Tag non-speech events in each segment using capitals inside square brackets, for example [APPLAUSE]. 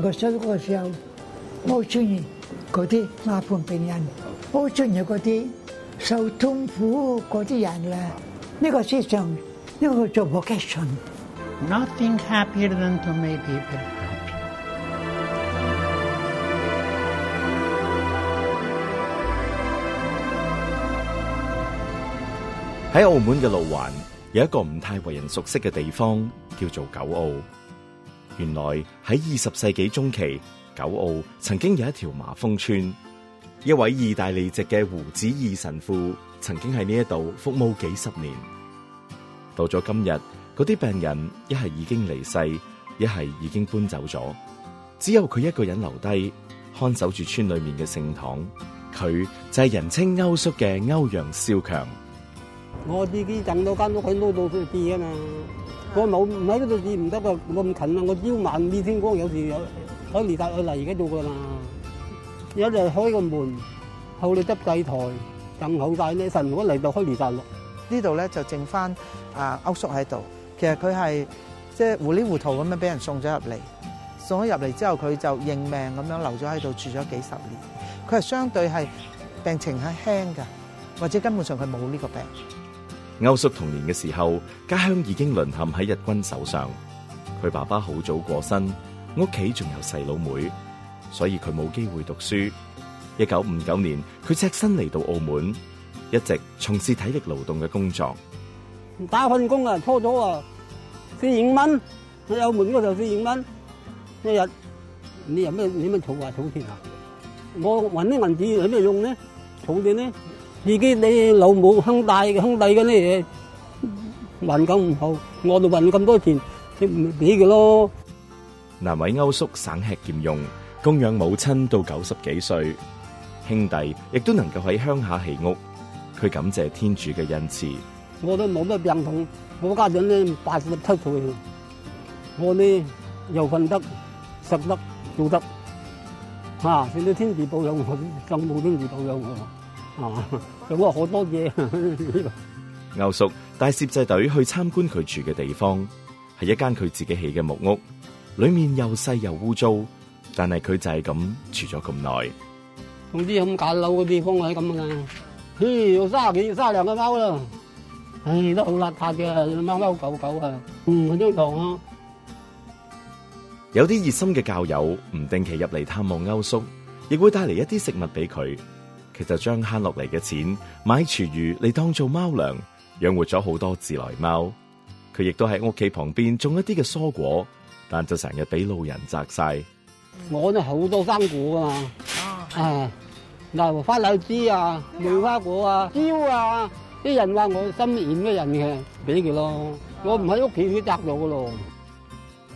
我做嗰時候，我中意嗰啲麻煩病人，我中意嗰啲受痛苦嗰啲人咧。呢個叫做，呢個叫做 vocation。Nothing happier than to make people happy。喺澳門嘅路環有一個唔太為人熟悉嘅地方，叫做九澳。原來喺二十世紀中期，九澳曾經有一條麻風村，一位意大利籍嘅胡子義神父曾經喺呢一度服務幾十年。到咗今日，嗰啲病人一係已經離世，一係已經搬走咗，只有佢一個人留低，看守住村裏面嘅聖堂。佢就係人稱歐叔嘅歐陽少強。我自己等到間屋喺攞東西啊嘛。個腦唔喺呢度見唔得噶，我咁近啦，我朝晚李天光有時有開彌撒去嚟，而家做過嘛，有就開個門後你執祭台，更好晒咧，神如果嚟到開彌撒咯，呢度咧就剩翻阿歐叔喺度，其實佢係即係糊裡糊塗咁樣俾人送咗入嚟，送咗入嚟之後佢就認命咁樣留咗喺度住咗幾十年，佢係相對係病情係輕噶，或者根本上佢冇呢個病。歐叔童年嘅時候，家鄉已經淪陷喺日軍手上。佢爸爸好早過身，屋企仲有細佬妹，所以佢冇機會讀書。一九五九年，佢隻身嚟到澳門，一直從事體力勞動嘅工作。打份工啊，初初啊，四五十蚊喺澳門嗰時候四五十蚊一日，你有咩你有咩儲啊儲錢啊？我搵啲銀紙有咩用呢？儲啲呢？自己你老母兄弟兄弟嗰啲嘢，運咁唔好，我哋運咁多錢，你唔俾佢咯。難為歐叔省吃儉用，供養母親到九十幾歲，兄弟亦都能夠喺鄉下起屋，佢感謝天主嘅恩賜。我都冇咩病痛，我家長咧八十七歲，我呢又瞓得、食得、得、做得，啊，你到天主保佑我，更冇天主保佑我。哦，咁啊，好多嘢。歐叔帶攝製隊去參觀佢住嘅地方，係一間佢自己起嘅木屋，裏面又細又污糟，但係佢就係咁住咗咁耐。總之咁簡陋嘅地方係咁啊，嘿，有三十幾三十兩個貓啦，唉，都好邋遢嘅，貓貓狗狗啊，嗯，張床啊。有啲熱心嘅教友唔定期入嚟探望歐叔，亦會帶嚟一啲食物俾佢。佢就將慳落嚟嘅錢買廚餘嚟當做貓糧，養活咗好多自來貓。佢亦都喺屋企旁邊種一啲嘅蔬果，但就成日俾路人摘晒。我都好多生果啊，啊啊，嗱，花柳枝啊、梅花果啊、蕉啊，啲人話我心軟嘅人嘅，俾佢咯。我唔喺屋企去摘到噶咯。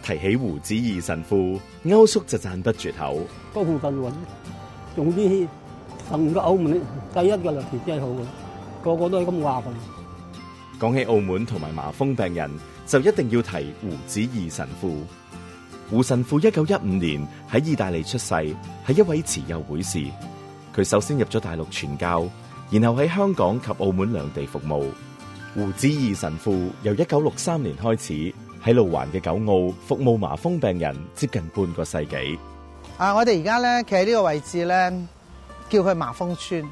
提起胡子義神父，歐叔就讚不絕口。多福神運，個澳門第一個良田真係好嘅，個個都係咁話奉。講起澳門同埋麻風病人，就一定要提胡子義神父。胡神父一九一五年喺意大利出世，係一位慈幼會士。佢首先入咗大陸傳教，然後喺香港及澳門兩地服務。胡子義神父由一九六三年開始喺路環嘅九澳服務麻風病人，接近半個世紀。啊，我哋而家咧企喺呢個位置咧。叫佢麻風村，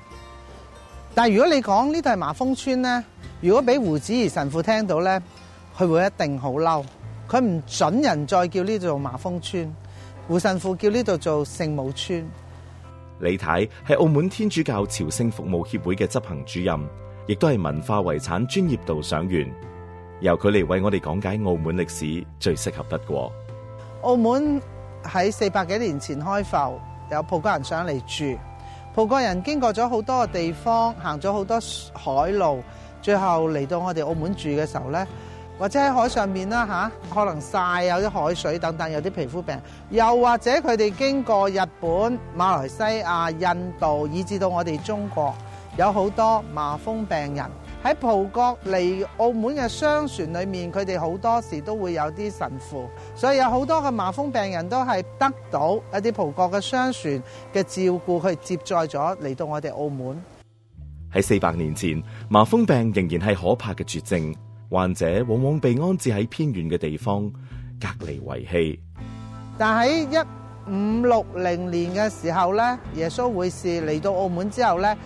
但如果你講呢度係麻風村呢，如果俾胡子怡神父聽到呢，佢會一定好嬲，佢唔准人再叫呢度麻風村。胡神父叫呢度做聖母村。李太係澳門天主教朝聖服務協會嘅執行主任，亦都係文化遺產專業導賞員，由佢嚟為我哋講解澳門歷史最適合得過。澳門喺四百幾年前開埠，有葡國人上嚟住。葡國人經過咗好多個地方，行咗好多海路，最後嚟到我哋澳門住嘅時候呢，或者喺海上面啦吓，可能晒有啲海水等等，有啲皮膚病；又或者佢哋經過日本、馬來西亞、印度，以至到我哋中國，有好多麻風病人。喺葡國嚟澳門嘅商船裏面，佢哋好多時都會有啲神父，所以有好多嘅麻風病人都係得到一啲葡國嘅商船嘅照顧，佢接載咗嚟到我哋澳門。喺四百年前，麻風病仍然係可怕嘅絕症，患者往往被安置喺偏遠嘅地方，隔離遺棄。但喺一五六零年嘅時候咧，耶穌會士嚟到澳門之後咧。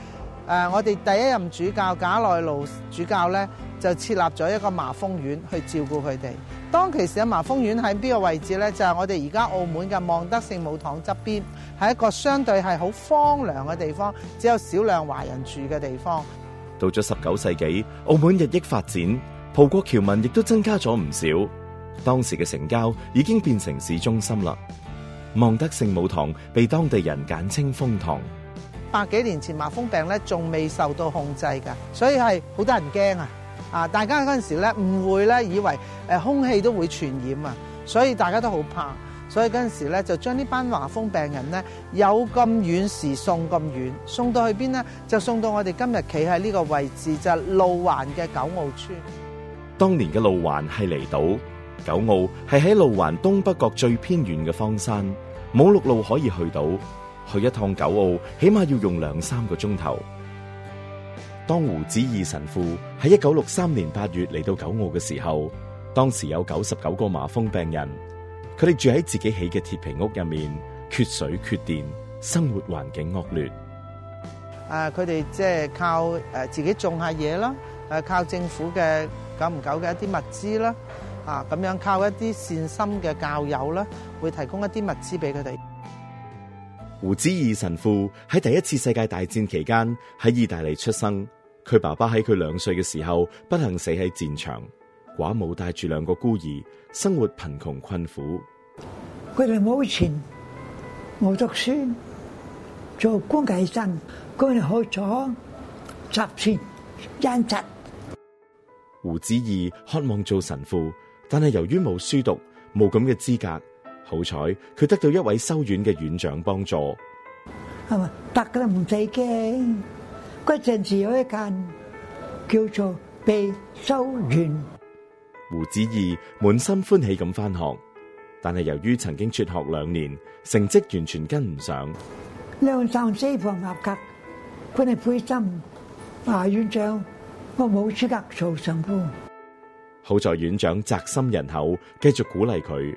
呃、我哋第一任主教賈尼勞主教咧，就設立咗一個麻風院去照顧佢哋。當其時嘅麻風院喺邊個位置咧？就係、是、我哋而家澳門嘅望德聖母堂側邊，係一個相對係好荒涼嘅地方，只有少量華人住嘅地方。到咗十九世紀，澳門日益發展，葡國僑民亦都增加咗唔少。當時嘅城郊已經變成市中心啦。望德聖母堂被當地人簡稱瘋堂。百幾年前麻風病咧仲未受到控制噶，所以係好多人驚啊！啊，大家嗰陣時咧誤會咧以為誒空氣都會傳染啊，所以大家都好怕，所以嗰陣時咧就將呢班麻風病人咧有咁遠時送咁遠，送到去邊呢？就送到我哋今日企喺呢個位置，就係路環嘅九澳村。當年嘅路環係離島，九澳係喺路環東北角最偏遠嘅荒山，冇陸路可以去到。去一趟九澳，起碼要用兩三個鐘頭。當胡子義神父喺一九六三年八月嚟到九澳嘅時候，當時有九十九個麻風病人，佢哋住喺自己起嘅鐵皮屋入面，缺水缺電，生活環境惡劣。啊！佢哋即係靠誒自己種下嘢啦，誒靠政府嘅久唔久嘅一啲物資啦，啊咁樣靠一啲善心嘅教友啦，會提供一啲物資俾佢哋。胡子義神父喺第一次世界大戰期間喺意大利出生，佢爸爸喺佢兩歲嘅時候不幸死喺戰場，寡母帶住兩個孤兒生活貧窮困苦。佢哋冇錢，冇讀書做官計生，佢哋好咗集錢兼職。胡子義渴望做神父，但係由於冇書讀，冇咁嘅資格。好彩佢得到一位修院嘅院長幫助，係嘛？白嘅啦，唔使驚，嗰陣時有一間叫做被修院。胡子義滿心歡喜咁翻學，但係由於曾經輟學兩年，成績完全跟唔上。兩三四房合格，佢哋灰心。啊，院長，我冇資格做成功。好在院長宅心仁厚，繼續鼓勵佢。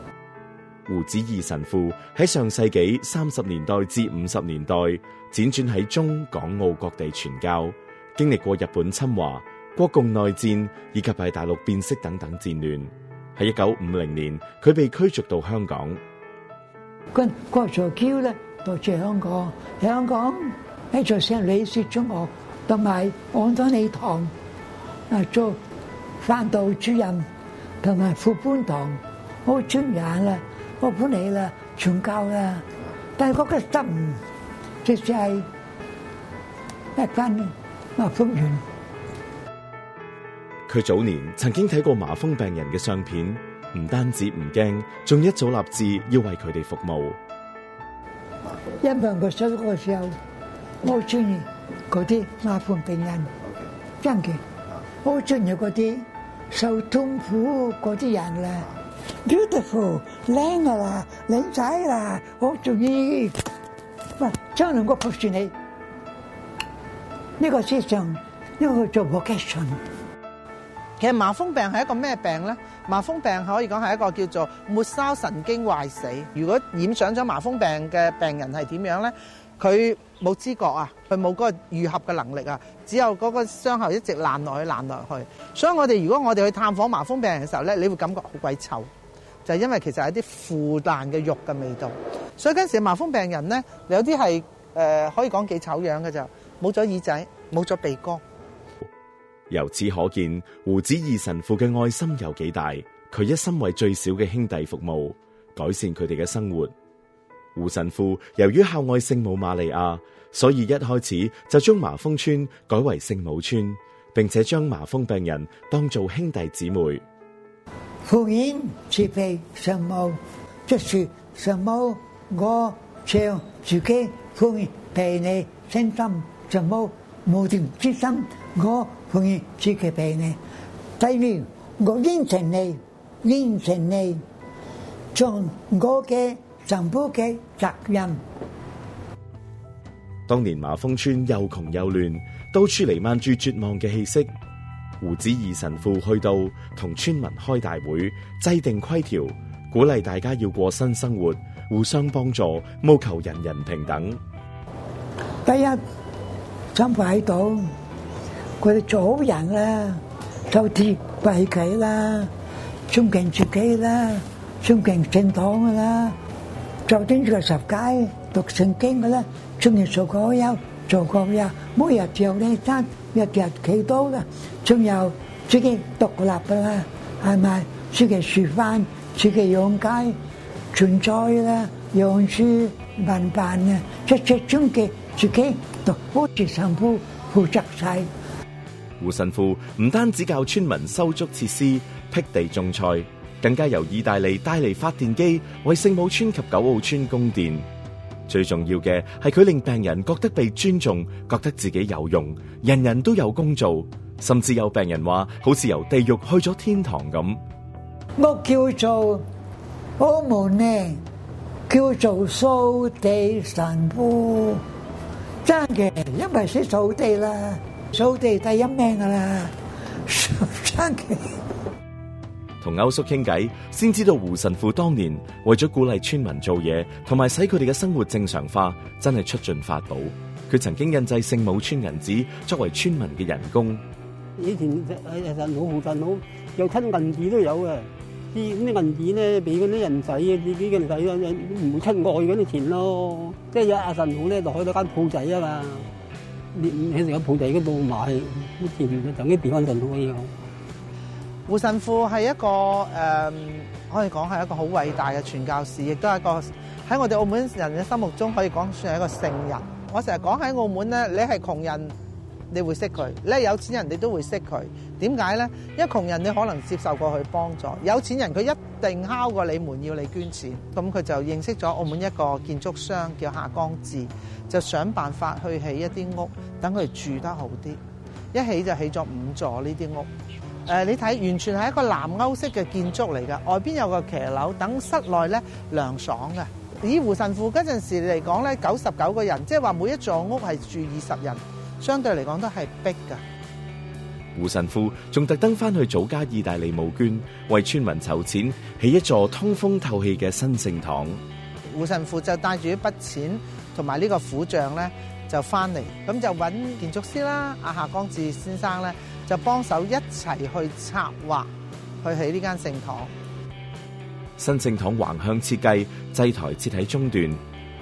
胡子義神父喺上世紀三十年代至五十年代，輾轉喺中港澳各地傳教，經歷過日本侵華、國共內戰以及喺大陸變色等等戰亂。喺一九五零年，佢被驅逐到香港。跟郭助嬌咧多謝香港，香港喺聖類斯中學同埋安多尼堂，啊做訓導主任同埋副本堂好專業。啦。我本嚟啦，傳教啦，但係我覺得唔切意咩關麻風院。佢早年曾經睇過麻風病人嘅相片，唔單止唔驚，仲一早立志要為佢哋服務。因為我小個時候，我好中意嗰啲麻風病人，真嘅，我好中意嗰啲受痛苦嗰啲人啦。beautiful，靚噶啦，靚仔啦，好中意。唔係，將來我服侍你。呢個思想，呢個做 profession。其實麻風病係一個咩病咧？麻風病可以講係一個叫做末梢神經壞死。如果染上咗麻風病嘅病人係點樣咧？佢冇知覺啊，佢冇嗰個愈合嘅能力啊，只有嗰個傷口一直爛落去，爛落去。所以我哋如果我哋去探訪麻風病人嘅時候咧，你會感覺好鬼臭，就係、是、因為其實係一啲腐爛嘅肉嘅味道。所以嗰陣時麻風病人咧，有啲係誒可以講幾醜樣嘅就，冇咗耳仔，冇咗鼻哥。由此可見，胡子義神父嘅愛心有幾大？佢一心為最小嘅兄弟服務，改善佢哋嘅生活。胡神父由於孝愛聖母瑪利亞，所以一開始就將麻風村改為聖母村，並且將麻風病人當作兄弟姊妹。奉願慈悲聖母，即是聖母，我將自己奉願畀你真心聖母，無盡之心，我奉願主嘅畀你，因為我應承你，應承你，將我嘅。承擔嘅責任。當年馬峰村又窮又亂，到處彌漫住絕望嘅氣息。胡子義神父去到，同村民開大會，制定規條，鼓勵大家要過新生活，互相幫助，務求人人平等。第一，政府喺度，佢哋做好人啦，就貼自己啦，尊敬自己啦，尊敬政黨啦。就整咗十間讀聖經噶啦，仲要收割又種穀芽，每日跳呢山，日日企多啦，仲有自己獨立噶啦，係咪自己煮飯、自己養雞、種菜啦、養豬、民辦啊，一切自己自己獨負，自身負負責晒。胡神父唔單止教村民修築設施、辟地種菜。更加由意大利帶嚟發電機，為聖母村及九澳村供電。最重要嘅係佢令病人覺得被尊重，覺得自己有用，人人都有工作，甚至有病人話好似由地獄去咗天堂咁。我叫做澳門呢，叫做掃地神父，真嘅，因為係掃地啦，掃地第一名噶啦，真嘅。同歐叔傾偈，先知道胡神父當年為咗鼓勵村民做嘢，同埋使佢哋嘅生活正常化，真係出盡法寶。佢曾經印製聖母村銀紙作為村民嘅人工。以前阿神老、胡神老有親銀紙都有嘅，啲啲銀紙咧俾嗰啲人使，自己嘅使啊，唔出外嗰啲錢咯。即係有阿神老咧就開咗間鋪仔啊嘛，你喺成間鋪仔嗰度買啲錢，就啲地方神老嘅。胡神父係一個誒，可以講係一個好偉大嘅傳教士，亦都係一個喺我哋澳門人嘅心目中可以講算係一個聖人。我成日講喺澳門咧，你係窮人，你會識佢；你係有錢人，你都會識佢。點解呢？因為窮人你可能接受過佢幫助，有錢人佢一定敲過你門要你捐錢，咁佢就認識咗澳門一個建築商叫夏光志，就想辦法去起一啲屋，等佢住得好啲。一起就起咗五座呢啲屋。呃，你睇完全係一個南歐式嘅建築嚟噶，外邊有個騎樓，等室內咧涼爽嘅。而胡神父嗰陣時嚟講咧，九十九個人，即係話每一座屋係住二十人，相對嚟講都係逼噶。胡神父仲特登翻去祖家意大利募捐，為村民籌錢起一座通風透氣嘅新聖堂。胡神父就帶住一筆錢同埋呢個苦帳咧，就翻嚟，咁就揾建築師啦，阿夏光志先生咧。就幫手一齊去策劃去起呢間聖堂。新聖堂橫向設計，祭台設喺中段，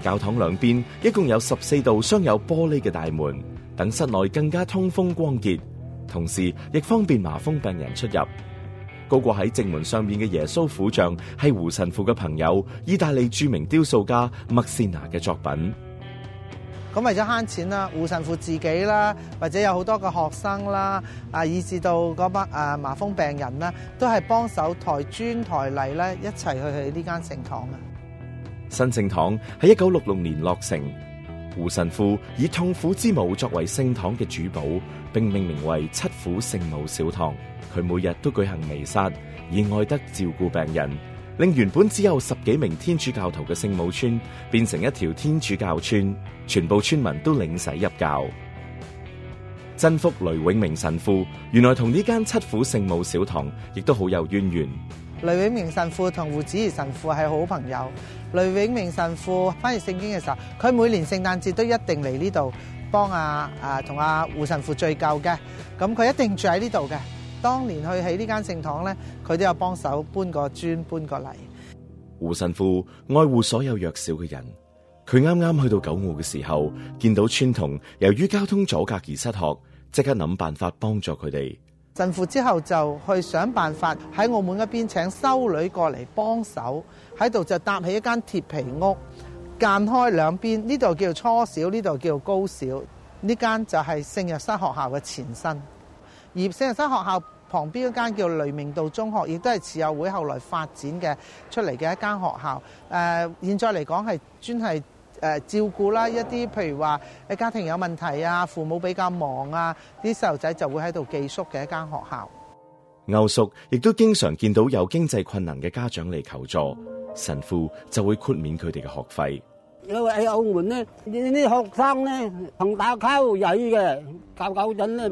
教堂兩邊一共有十四道鑲有玻璃嘅大門，等室內更加通風光潔，同時亦方便麻風病人出入。高過喺正門上面嘅耶穌苦像，係胡神父嘅朋友，意大利著名雕塑家麥斯拿嘅作品。咁為咗慳錢啦，胡神父自己啦，或者有好多嘅學生啦，啊以至到班，啊、麻風病人啦，啊，都係幫手抬磚抬嚟，咧，一齊去去呢間聖堂啊。新聖堂喺一九六六年落成，胡神父以痛苦之母作為聖堂嘅主保，並命名為七苦聖母小堂。佢每日都舉行彌撒，以愛德照顧病人。令原本只有十幾名天主教徒嘅聖母村變成一條天主教村，全部村民都領洗入教。真福雷永明神父原來同呢間七苦聖母小堂亦都好有淵源。雷永明神父同胡子怡神父係好朋友。雷永明神父翻譯聖經嘅時候，佢每年聖誕節都一定嚟呢度幫阿同阿胡神父醉究嘅，咁佢一定住喺呢度嘅。當年去起呢間聖堂呢，佢都有幫手搬個磚，搬過嚟。胡神父愛護所有弱小嘅人。佢啱啱去到九澳嘅時候，見到村童由於交通阻隔而失學，即刻諗辦法幫助佢哋。神父之後就去想辦法喺澳門一邊請修女過嚟幫手，喺度就搭起一間鐵皮屋，間開兩邊呢度叫做初小，呢度叫做高小，呢間就係聖若瑟學校嘅前身。而四仁新學校旁邊嗰一間叫雷明道中學，亦都係慈幼會後來發展嘅出嚟嘅一間學校。誒、呃，現在嚟講係專係誒照顧啦，一啲譬如話喺家庭有問題啊，父母比較忙啊，啲細路仔就會喺度寄宿嘅一間學校。歐叔亦都經常見到有經濟困難嘅家長嚟求助，神父就會豁免佢哋嘅學費。因為喺澳門呢，呢啲學生咧同打交曳嘅，教教緊咧。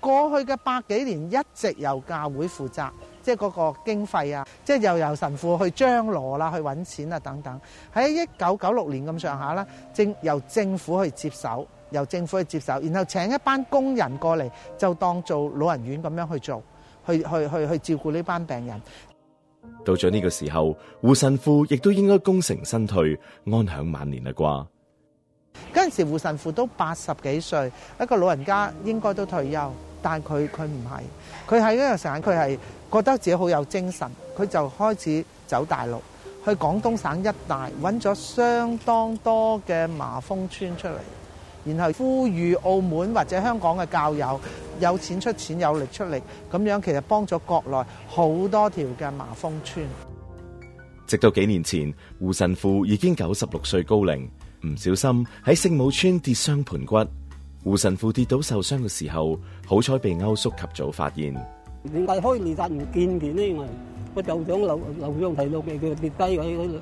過去嘅百幾年一直由教會負責，即係嗰個經費啊，即係又由神父去張羅啦，去搵錢啊等等。喺一九九六年咁上下啦，政由政府去接手，由政府去接手，然後請一班工人過嚟，就當做老人院咁樣去做，去去去，去照顧呢班病人。到咗呢個時候，胡神父亦都應該功成身退，安享晚年啦啩。嗰陣時胡神父都八十幾歲，一個老人家應該都退休。但佢佢唔係，佢喺嗰陣時，佢係覺得自己好有精神，佢就開始走大陸去廣東省一帶揾咗相當多嘅麻風村出嚟，然後呼籲澳門或者香港嘅教友有錢出錢，有力出力，咁樣其實幫咗國內好多條嘅麻風村。直到幾年前，胡神父已經九十六歲高齡，唔小心喺聖母村跌傷盆骨。胡神父跌倒受傷嘅時候，好彩被歐叔及早發現。點解開二殺唔見呢？因我我就想樓樓上提到佢跌低喺喺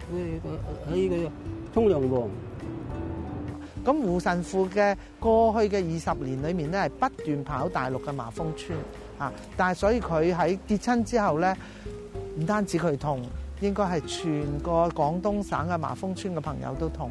喺個沖涼房。咁胡神父嘅過去嘅二十年裏面咧，係不斷跑大陸嘅麻風村。但係所以佢喺跌親之後咧，唔單止佢痛，應該係全個廣東省嘅麻風村嘅朋友都痛。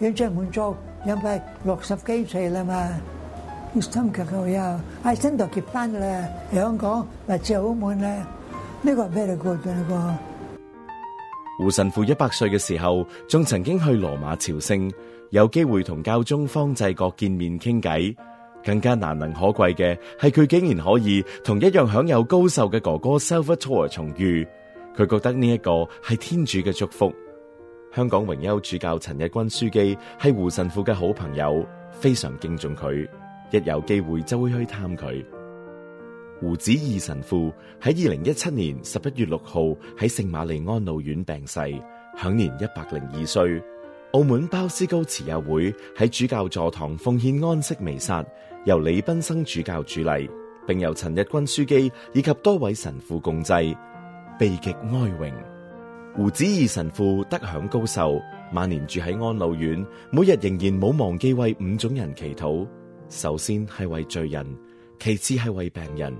養將滿足，因為六十幾歲啦嘛，心喺新度結婚啦，香港或者澳門咧。呢個胡神父一百歲嘅時候，仲曾經去羅馬朝聖，有機會同教宗方濟各見面傾偈。更加難能可貴嘅係佢竟然可以同一樣享有高壽嘅哥哥 Salvatore 重遇。佢覺得呢一個係天主嘅祝福。香港榮休主教陳日君樞機係胡神父嘅好朋友，非常敬重佢，一有機會就會去探佢。胡子義神父喺二零一七年十一月六號喺聖馬利安老院病逝，享年一百零二歲。澳門鮑思高慈幼會喺主教座堂奉獻安息彌撒，由李斌生主教主禮，並由陳日君樞機以及多位神父共祭，備極哀榮。胡子義神父得享高壽，晚年住喺安老院，每日仍然冇忘記為五種人祈禱。首先係為罪人，其次係為病人，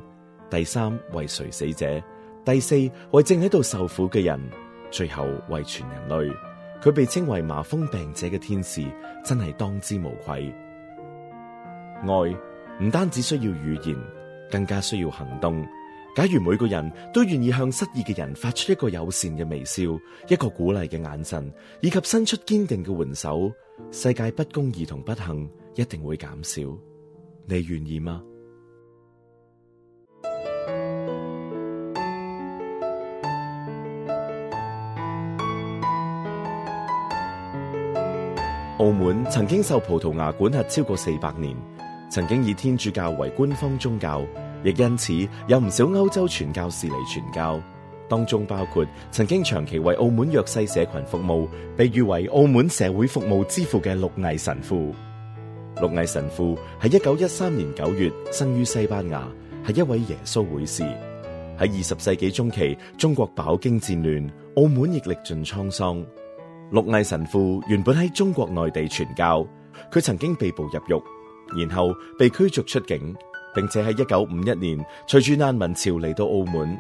第三為垂死者，第四為正喺度受苦嘅人，最後為全人類。佢被稱為麻風病者嘅天使，真係當之無愧。愛唔單只需要語言，更加需要行動。假如每個人都願意向失意嘅人發出一個友善嘅微笑，一個鼓勵嘅眼神，以及伸出堅定嘅援手，世界不公義同不幸一定會減少。你願意嗎？澳門曾經受葡萄牙管轄超過四百年，曾經以天主教為官方宗教。亦因此有唔少歐洲傳教士嚟傳教，當中包括曾經長期為澳門弱勢社群服務，被譽為澳門社會服務之父嘅陸毅神父。陸毅神父喺一九一三年九月生於西班牙，係一位耶穌會士。喺二十世紀中期，中國飽經戰亂，澳門亦歷盡滄桑。陸毅神父原本喺中國內地傳教，佢曾經被捕入獄，然後被驅逐出境。並且喺一九五一年隨住難民潮嚟到澳門，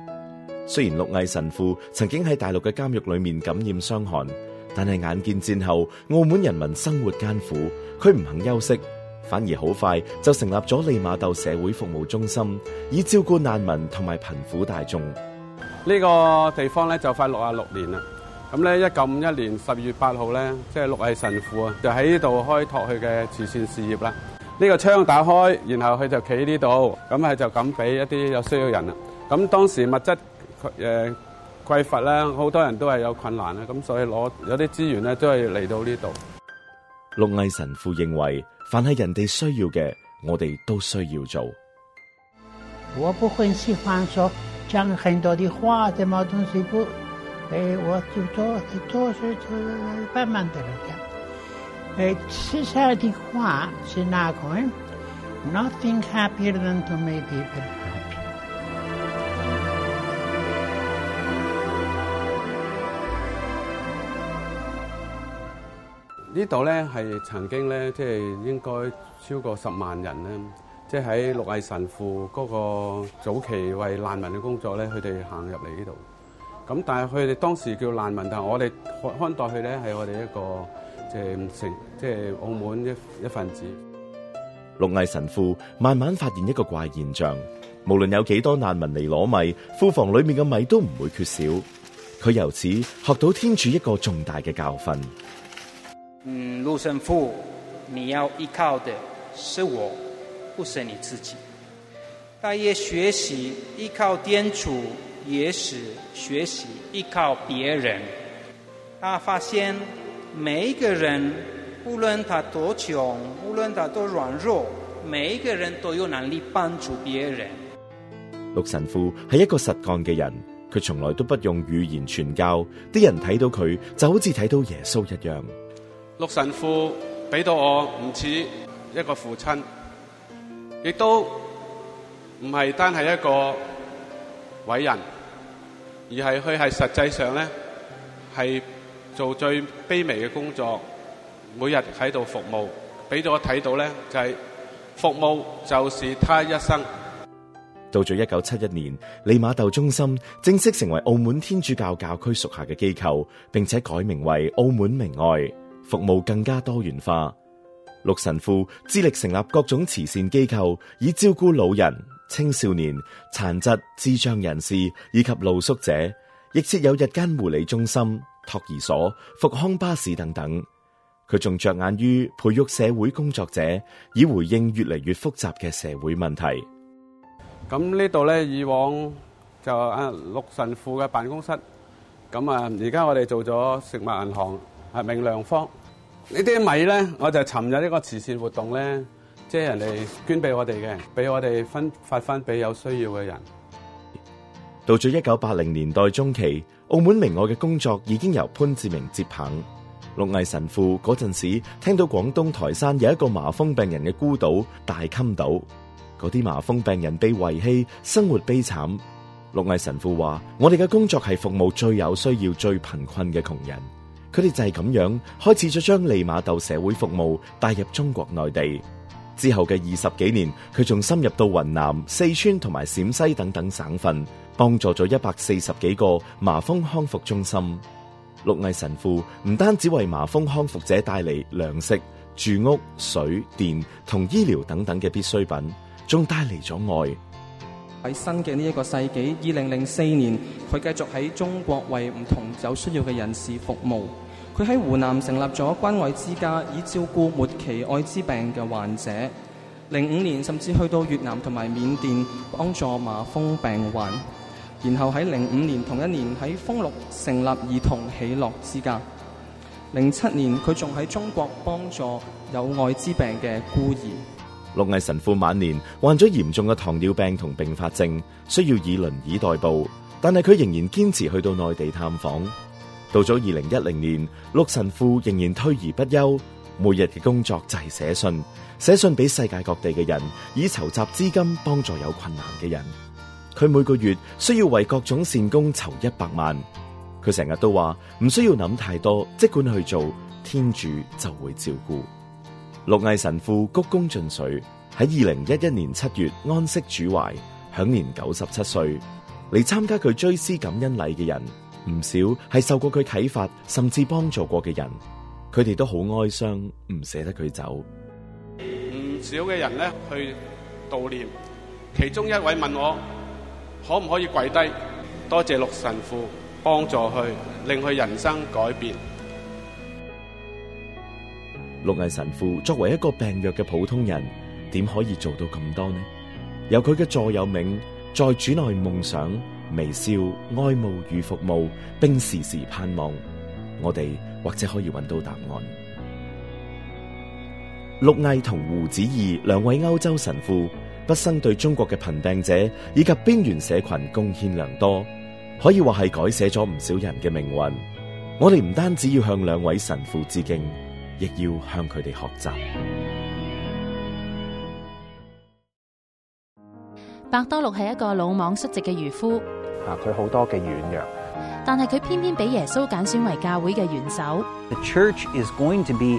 雖然陸毅神父曾經喺大陸嘅監獄裏面感染傷寒，但係眼見戰後澳門人民生活艱苦，佢唔肯休息，反而好快就成立咗利馬竇社會服務中心，以照顧難民同埋貧苦大眾。呢、這個地方咧就快六啊六年啦，咁咧一九五一年十月八號咧，即係陸毅神父啊，就喺呢度開拓佢嘅慈善事業啦。呢、這個窗打開，然後佢就企呢度，咁係就咁俾一啲有需要人啦。咁當時物質誒匱乏啦，好、呃、多人都係有困難啦，咁所以攞有啲資源咧都係嚟到呢度。陸毅神父認為，凡係人哋需要嘅，我哋都需要做。我不會喜歡說講很多的話，什麼東西不，誒，我就做，做些做些不難的。誒，Society Nothing happier than to make people happy。 [MUSIC] 這裡呢度咧係曾經咧，即係應該超過十萬人咧，即係喺陸毅神父嗰個早期為難民嘅工作咧，佢哋行入嚟呢度。咁但係佢哋當時叫難民，但係我哋看待佢咧係我哋一個。即係即係澳門一一份子。陸毅神父慢慢發現一個怪現象，無論有幾多難民嚟攞米，庫房裏面嘅米都唔會缺少。佢由此學到天主一個重大嘅教訓。嗯，陸神父，你要依靠的是我，不是你自己。大爺學習依靠天主，也是學習依靠別人。他發現。每一個人，無論他多窮，無論他多軟弱，每一個人都有能力幫助別人。陸神父係一個實幹嘅人，佢從來都不用語言傳教，啲人睇到佢就好似睇到耶穌一樣。陸神父俾到我唔似一個父親，亦都唔係單係一個偉人，而係佢係實際上咧係。做最卑微嘅工作，每日喺度服務，俾到我睇到咧，就係服務，就是他一生。到咗一九七一年，利瑪竇中心正式成為澳門天主教教區屬下嘅機構，並且改名為澳門明愛，服務更加多元化。陸神父致力成立各種慈善機構，以照顧老人、青少年、殘疾、智障人士以及露宿者，亦設有日間護理中心。托兒所、復康巴士等等，佢仲着眼於培育社會工作者，以回應越嚟越複雜嘅社會問題。咁呢度咧，以往就啊陸神父嘅辦公室，咁啊而家我哋做咗食物銀行，係明良坊呢啲米咧，我就尋日呢個慈善活動咧，即係人哋捐俾我哋嘅，俾我哋分發翻俾有需要嘅人。到咗一九八零年代中期。澳門明愛嘅工作已經由潘志明接棒。陸毅神父嗰陣時，聽到廣東台山有一個麻風病人嘅孤島大襟島，嗰啲麻風病人被遺棄，生活悲慘。陸毅神父話：我哋嘅工作係服務最有需要、最貧困嘅窮人。佢哋就係咁樣開始咗將利馬竇社會服務帶入中國內地。之後嘅二十幾年，佢仲深入到雲南、四川同埋陝西等等省份。幫助咗一百四十幾個麻風康復中心，陸藝神父唔單止為麻風康復者帶嚟糧食、住屋、水電同醫療等等嘅必需品，仲帶嚟咗愛。喺新嘅呢一個世紀，二零零四年，佢繼續喺中國為唔同有需要嘅人士服務。佢喺湖南成立咗關愛之家，以照顧末期艾滋病嘅患者。零五年，甚至去到越南同埋緬甸，幫助麻風病患。然後喺零五年同一年喺豐祿成立兒童喜樂之家。零七年佢仲喺中國幫助有艾滋病嘅孤兒。陸毅神父晚年患咗嚴重嘅糖尿病同併發症，需要以輪椅代步。但係佢仍然堅持去到內地探訪。到咗二零一零年，陸神父仍然退而不休，每日嘅工作就係寫信，寫信俾世界各地嘅人，以籌集資金幫助有困難嘅人。佢每個月需要為各種善功籌一百萬他，佢成日都話唔需要諗太多，即管去做，天主就會照顧。陸毅神父鞠躬盡瘁，喺二零一一年七月安息主懷，享年九十七歲。嚟參加佢追思感恩禮嘅人唔少，係受過佢啟發甚至幫助過嘅人，佢哋都好哀傷，唔捨得佢走。唔少嘅人咧去悼念，其中一位問我。可唔可以跪低？多謝陸神父幫助佢，令佢人生改變。陸藝神父作為一個病弱嘅普通人，點可以做到咁多呢？由佢嘅座右銘，在主內夢想、微笑、愛慕與服務，並時時盼望，我哋或者可以揾到答案。陸藝同胡子義兩位歐洲神父。畢生對中國嘅貧病者以及邊緣社群貢獻良多，可以話係改寫咗唔少人嘅命運。我哋唔單止要向兩位神父致敬，亦要向佢哋學習。白多祿係一個魯莽率直嘅漁夫，吓佢好多嘅軟弱，但係佢偏偏俾耶穌揀選為教會嘅元首。The